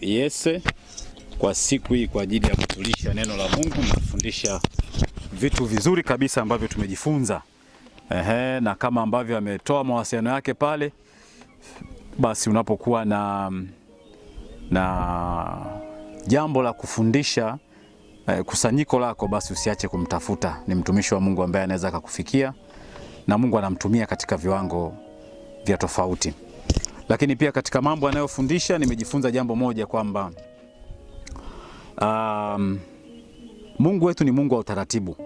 Yese kwa siku hii kwa ajili ya kutulisha neno la Mungu na kufundisha vitu vizuri kabisa ambavyo tumejifunza. Ehe, na kama ambavyo ametoa mawasiliano yake pale, basi unapokuwa na, na jambo la kufundisha eh, kusanyiko lako, basi usiache kumtafuta. Ni mtumishi wa Mungu ambaye anaweza akakufikia na Mungu anamtumia katika viwango vya tofauti. Lakini pia katika mambo anayofundisha nimejifunza jambo moja kwamba um, Mungu wetu ni Mungu wa utaratibu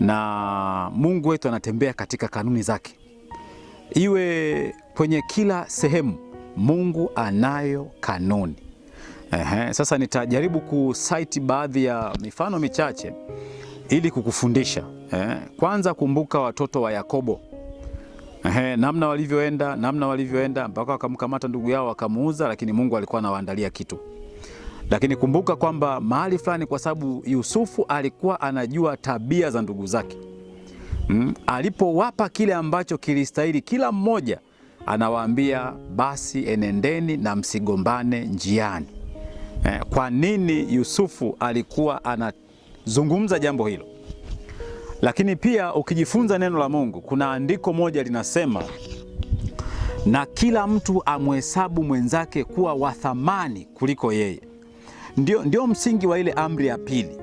na Mungu wetu anatembea katika kanuni zake, iwe kwenye kila sehemu. Mungu anayo kanuni. Ehe, sasa nitajaribu kusaiti baadhi ya mifano michache ili kukufundisha. Ehe, kwanza kumbuka watoto wa Yakobo Ehe, namna walivyoenda, namna walivyoenda mpaka wakamkamata ndugu yao wakamuuza, lakini Mungu alikuwa anawaandalia kitu. Lakini kumbuka kwamba mahali fulani, kwa sababu Yusufu alikuwa anajua tabia za ndugu zake mm, alipowapa kile ambacho kilistahili kila mmoja, anawaambia basi enendeni na msigombane njiani. Eh, kwa nini Yusufu alikuwa anazungumza jambo hilo? Lakini pia ukijifunza neno la Mungu, kuna andiko moja linasema, na kila mtu amhesabu mwenzake kuwa wa thamani kuliko yeye. Ndio, ndio msingi wa ile amri ya pili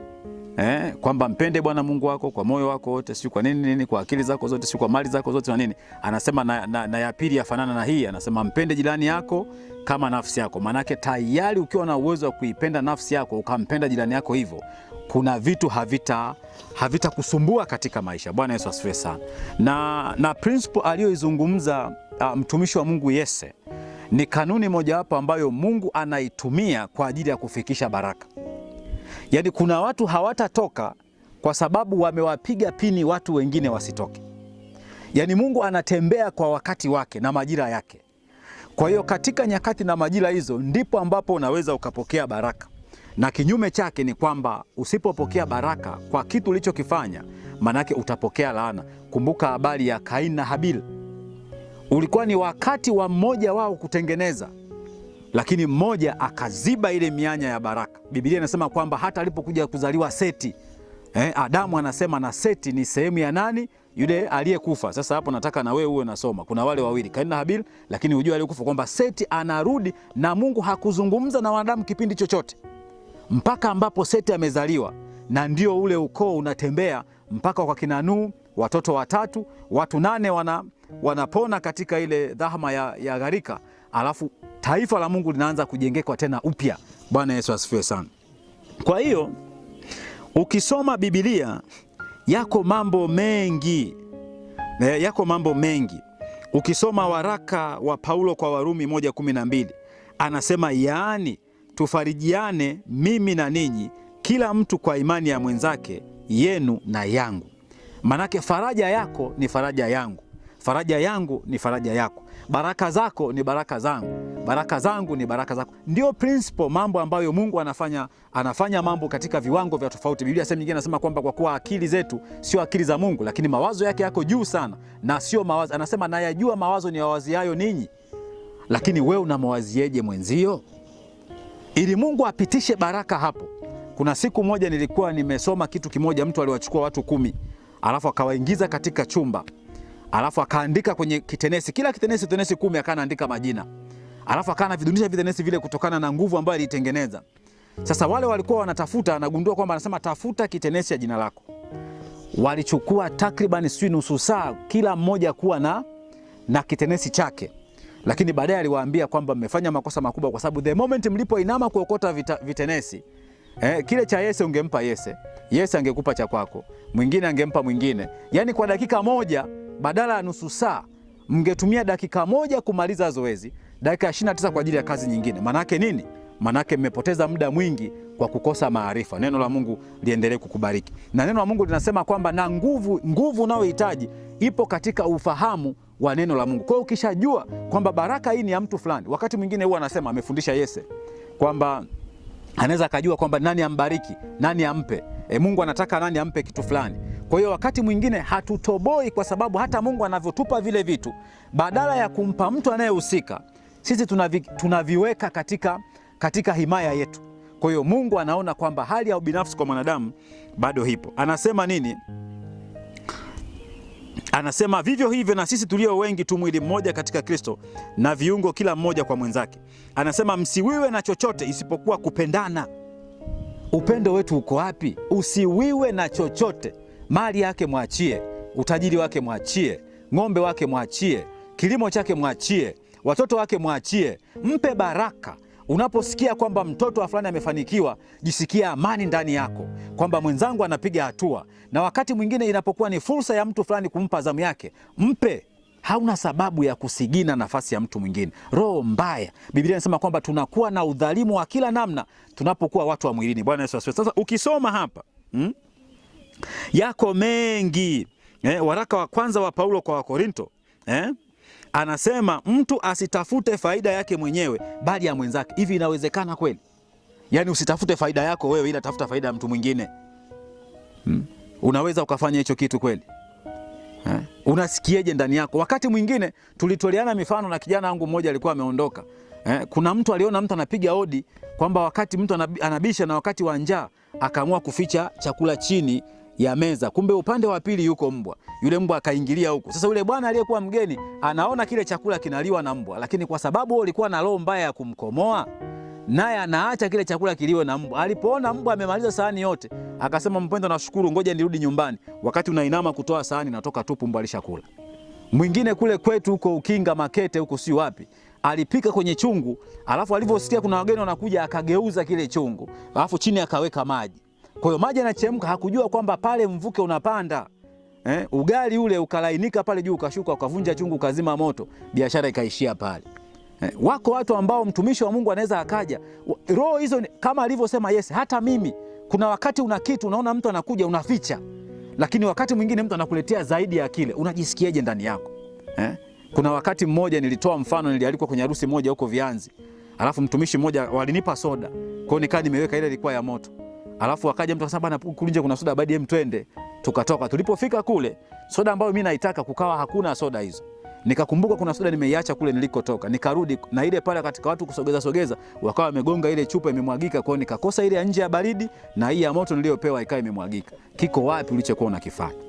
eh, kwamba mpende Bwana Mungu wako kwa moyo wako wote, si kwa nini nini, kwa akili zako zote, si kwa mali zako zote na nini. Anasema na, na, na ya pili yafanana na hii, anasema mpende jirani yako kama nafsi yako. Maanake tayari ukiwa na uwezo wa kuipenda nafsi yako ukampenda jirani yako hivyo, kuna vitu havita havitakusumbua katika maisha. Bwana Yesu asifiwe sana. Na, na principle aliyoizungumza uh, mtumishi wa Mungu Yese ni kanuni mojawapo ambayo Mungu anaitumia kwa ajili ya kufikisha baraka. Yaani kuna watu hawatatoka kwa sababu wamewapiga pini watu wengine wasitoke. Yaani Mungu anatembea kwa wakati wake na majira yake. Kwa hiyo katika nyakati na majira hizo ndipo ambapo unaweza ukapokea baraka na kinyume chake ni kwamba usipopokea baraka kwa kitu ulichokifanya, manake utapokea laana. Kumbuka habari ya kain na habil ulikuwa ni wakati wa mmoja wao kutengeneza, lakini mmoja akaziba ile mianya ya baraka. Biblia inasema kwamba hata alipokuja kuzaliwa Seti, eh, Adamu anasema na Seti ni sehemu ya nani? Yule aliyekufa. Sasa hapo nataka na wewe uwe nasoma, kuna wale wawili Kain na Habil, lakini hujua aliyekufa kwamba Seti anarudi na Mungu hakuzungumza na wanadamu kipindi chochote mpaka ambapo Seti amezaliwa, na ndio ule ukoo unatembea mpaka kwa kina Nuhu, watoto watatu, watu nane wana, wanapona katika ile dhahama ya, ya gharika, alafu taifa la Mungu linaanza kujengekwa tena upya. Bwana Yesu asifiwe sana. Kwa hiyo ukisoma Biblia yako mambo mengi yako mambo mengi. Ukisoma waraka wa Paulo kwa Warumi moja kumi na mbili anasema yaani tufarijiane mimi na ninyi, kila mtu kwa imani ya mwenzake, yenu na yangu. Manake faraja yako ni faraja yangu, faraja yangu ni faraja yako, baraka zako ni baraka zangu, baraka zangu ni baraka zako. Ndio principle, mambo ambayo Mungu anafanya, anafanya mambo katika viwango vya tofauti. Biblia sehemu nyingine anasema kwamba kwa kuwa akili zetu sio akili za Mungu, lakini mawazo yake yako juu sana, na sio mawazo, anasema nayajua mawazo ni wawaziayo ninyi, lakini wewe unamwazieje mwenzio? ili Mungu apitishe baraka hapo. Kuna siku moja nilikuwa nimesoma kitu kimoja, mtu aliwachukua watu kumi alafu akawaingiza katika chumba alafu akaandika kwenye kitenesi, kila kitenesi tenesi kumi, akaandika majina alafu akaana vidundisha vitenesi vile kutokana na nguvu ambayo alitengeneza. Sasa wale walikuwa wanatafuta, anagundua kwamba anasema, tafuta kitenesi ya jina lako. Walichukua takriban sijui nusu saa, kila mmoja kuwa na na kitenesi chake. Lakini baadaye aliwaambia kwamba mmefanya makosa makubwa, kwa sababu the moment mlipoinama kuokota vita, vitenesi eh, kile cha Yese ungempa Yese, Yese angekupa cha kwako, mwingine angempa mwingine. Yani kwa dakika moja badala ya nusu saa mngetumia dakika moja kumaliza zoezi, dakika 29 kwa ajili ya kazi nyingine. Manake nini? Manake mmepoteza muda mwingi kwa kukosa maarifa. Neno la Mungu liendelee kukubariki, na neno la Mungu linasema kwamba na nguvu, nguvu unayohitaji ipo katika ufahamu wa neno la Mungu. Kwa hiyo ukishajua kwamba baraka hii ni ya mtu fulani, wakati mwingine huwa anasema amefundisha Yese kwamba anaweza akajua kwamba nani ambariki, nani ampe. E, Mungu anataka nani ampe kitu fulani. Kwa hiyo wakati mwingine hatutoboi, kwa sababu hata Mungu anavyotupa vile vitu, badala ya kumpa mtu anayehusika, sisi tunavi, tunaviweka katika, katika himaya yetu. Kwa hiyo Mungu anaona kwamba hali ya ubinafsi kwa mwanadamu bado hipo. Anasema nini? Anasema vivyo hivyo na sisi tulio wengi tu mwili mmoja katika Kristo na viungo kila mmoja kwa mwenzake. Anasema msiwiwe na chochote isipokuwa kupendana. Upendo wetu uko wapi? Usiwiwe na chochote. Mali yake mwachie, utajiri wake mwachie, ng'ombe wake mwachie, kilimo chake mwachie, watoto wake mwachie, mpe baraka Unaposikia kwamba mtoto wa fulani amefanikiwa, jisikia amani ndani yako kwamba mwenzangu anapiga hatua. Na wakati mwingine inapokuwa ni fursa ya mtu fulani kumpa zamu yake, mpe. Hauna sababu ya kusigina nafasi ya mtu mwingine. Roho mbaya, Biblia inasema kwamba tunakuwa na udhalimu wa kila namna tunapokuwa watu wa mwilini. Bwana Yesu asifiwe. Sasa ukisoma hapa hmm? yako mengi eh, waraka wa kwanza wa Paulo kwa Wakorinto eh? anasema mtu asitafute faida yake mwenyewe bali ya mwenzake. Hivi inawezekana kweli? Yaani usitafute faida yako wewe, ila tafuta faida ya mtu mwingine hmm. Unaweza ukafanya hicho kitu kweli Eh? Unasikieje ndani yako? Wakati mwingine tulitoleana mifano na kijana wangu mmoja alikuwa ameondoka eh. Kuna mtu aliona mtu anapiga hodi kwamba wakati mtu anabisha na wakati wa njaa akaamua kuficha chakula chini ya meza, kumbe upande wa pili yuko mbwa. Yule mbwa akaingilia huko. Sasa yule bwana aliyekuwa mgeni anaona kile chakula kinaliwa na mbwa, lakini kwa sababu alikuwa na roho mbaya ya kumkomoa, naye anaacha kile chakula kiliwe na mbwa. Alipoona mbwa amemaliza sahani yote, akasema mpendwa, nashukuru, ngoja nirudi nyumbani. Wakati unainama kutoa sahani, natoka tupu, mbwa alishakula. Mwingine kule kwetu huko Ukinga Makete huko si wapi, alipika kwenye chungu, alafu alivyosikia kuna wageni wanakuja, akageuza kile chungu, alafu chini akaweka maji kwa hiyo maji yanachemka, hakujua kwamba pale mvuke unapanda eh, ugali ule ukalainika pale juu, ukashuka ukavunja chungu, ukazima moto, biashara ikaishia pale. Eh, wako watu ambao mtumishi wa Mungu anaweza akaja, roho hizo kama alivyosema Yesu, hata mimi kuna wakati una kitu unaona mtu anakuja unaficha, lakini wakati mwingine mtu anakuletea zaidi ya kile, unajisikiaje ndani yako eh? Kuna wakati mmoja nilitoa mfano, nilialikwa kwenye harusi moja huko Vianzi, alafu mtumishi mmoja walinipa soda kwao, nikaa nimeweka ile ilikuwa ya moto Alafu akaja mtu akasema bana, kulunje kuna soda badi, hem twende. Tukatoka, tulipofika kule soda ambayo mimi naitaka kukawa hakuna soda hizo. Nikakumbuka kuna soda nimeiacha kule nilikotoka, nikarudi na ile pale, katika watu kusogeza sogeza, wakawa wamegonga ile chupa imemwagika kwao, nikakosa ile ya nje ya baridi na hii ya moto niliyopewa ikawa imemwagika. Kiko wapi ulichokuwa unakifanya?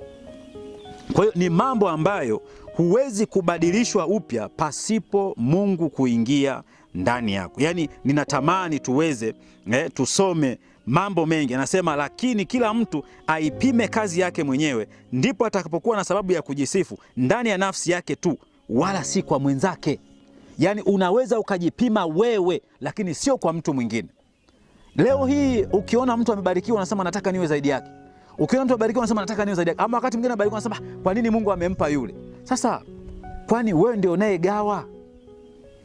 Kwa hiyo ni mambo ambayo huwezi kubadilishwa upya pasipo Mungu kuingia ndani yako. Yaani ninatamani tuweze eh, tusome mambo mengi. Anasema lakini kila mtu aipime kazi yake mwenyewe, ndipo atakapokuwa na sababu ya kujisifu ndani ya nafsi yake tu, wala si kwa mwenzake. Yaani unaweza ukajipima wewe, lakini sio kwa mtu mwingine. Leo hii ukiona mtu amebarikiwa, unasema nataka niwe zaidi yake. Ukiona mtu amebarikiwa, unasema nataka niwe zaidi yake, ama wakati mwingine amebarikiwa, unasema kwa nini Mungu amempa yule? Sasa kwani wewe ndio unayegawa?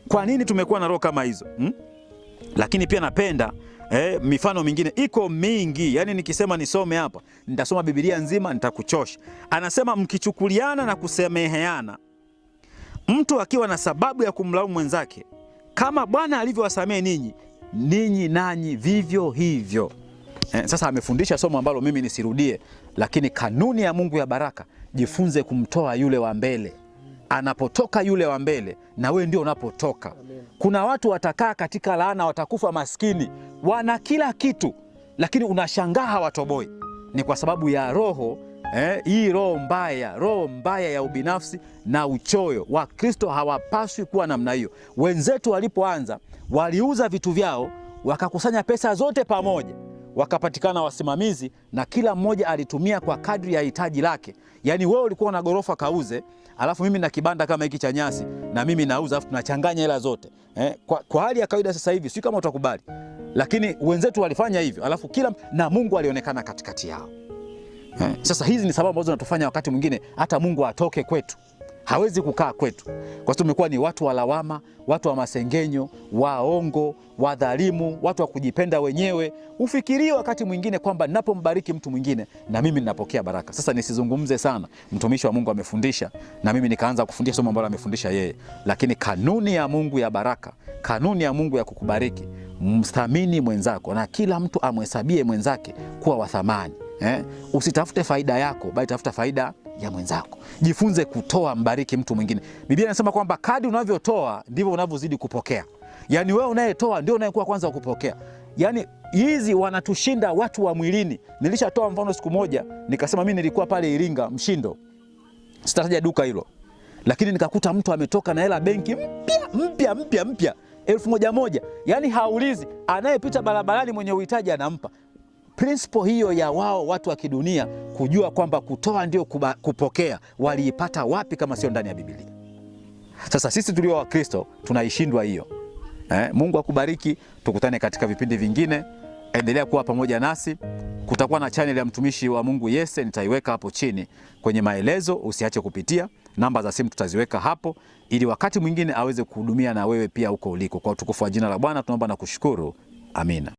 Kwa nini tumekuwa na roho kama hizo hmm? Lakini pia napenda Eh, mifano mingine iko mingi, yaani nikisema nisome hapa nitasoma Biblia nzima nitakuchosha. Anasema mkichukuliana na kusameheana, mtu akiwa na sababu ya kumlaumu mwenzake, kama Bwana alivyowasamehe ninyi, ninyi nanyi vivyo hivyo. Eh, sasa amefundisha somo ambalo mimi nisirudie, lakini kanuni ya Mungu ya baraka, jifunze kumtoa yule wa mbele anapotoka yule wa mbele na wewe ndio unapotoka. Kuna watu watakaa katika laana, watakufa maskini, wana kila kitu, lakini unashangaa hawatoboi. Ni kwa sababu ya roho eh, hii roho mbaya, roho mbaya ya ubinafsi na uchoyo. Wakristo hawapaswi kuwa namna hiyo. Wenzetu walipoanza waliuza vitu vyao, wakakusanya pesa zote pamoja wakapatikana wasimamizi na kila mmoja alitumia kwa kadri ya hitaji lake. Yaani wewe ulikuwa na gorofa kauze, alafu mimi na kibanda kama hiki cha nyasi na mimi nauza, alafu tunachanganya hela zote eh. Kwa, kwa hali ya kawaida sasa hivi si kama utakubali, lakini wenzetu walifanya hivyo, alafu kila na Mungu alionekana katikati yao eh. Sasa hizi ni sababu ambazo zinatufanya wakati mwingine hata Mungu atoke kwetu hawezi kukaa kwetu, kwa sababu tumekuwa ni watu wa lawama, watu wa masengenyo, waongo, wadhalimu, watu wa kujipenda wenyewe. Ufikirie wakati mwingine kwamba ninapombariki mtu mwingine na mimi ninapokea baraka. Sasa nisizungumze sana, mtumishi wa Mungu amefundisha na mimi nikaanza kufundisha somo ambalo amefundisha yeye, lakini kanuni ya Mungu ya baraka, kanuni ya Mungu ya kukubariki, mthamini mwenzako na kila mtu amhesabie mwenzake kuwa wa thamani. Eh, usitafute faida yako, bali tafuta faida ya mwenzako. Jifunze kutoa, mbariki mtu mwingine. Biblia inasema kwamba kadi unavyotoa ndivyo unavyozidi kupokea. Yaani wewe unayetoa ndio unayekuwa kwanza wa kupokea. Yaani hizi wanatushinda watu wa mwilini. Nilishatoa mfano siku moja, nikasema mimi nilikuwa pale Iringa Mshindo, sitataja duka hilo, lakini nikakuta mtu ametoka na hela benki mpya mpya mpya mpya elfu moja moja, yaani haulizi, anayepita barabarani mwenye uhitaji anampa. Prinsipo hiyo ya wao watu wa kidunia kujua kwamba kutoa ndio kupokea, waliipata wapi kama sio ndani ya Biblia? Sasa sisi tulio Wakristo tunaishindwa hiyo eh. Mungu akubariki, tukutane katika vipindi vingine. Endelea kuwa pamoja nasi. Kutakuwa na channel ya mtumishi wa Mungu Yese, nitaiweka hapo chini kwenye maelezo, usiache kupitia. Namba za simu tutaziweka hapo, ili wakati mwingine aweze kuhudumia na wewe pia huko uliko. Kwa utukufu wa jina la Bwana tunaomba na kushukuru, amina.